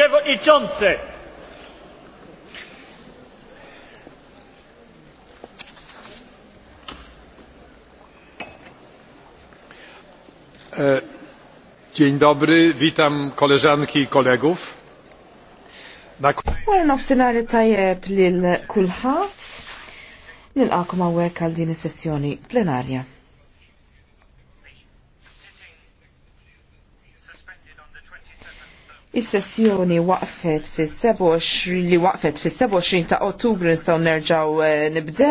przewodniczący! E, dzień dobry, witam koleżanki i kolegów. Għara nofsinari tajjeb lil kulħadd nilqakom għawek għal din is-sessjoni plenarja. Is-sessjoni waqfet fis-27 li waqfet fis-27 ta' Ottubru nistgħu nerġgħu eh, nibdew.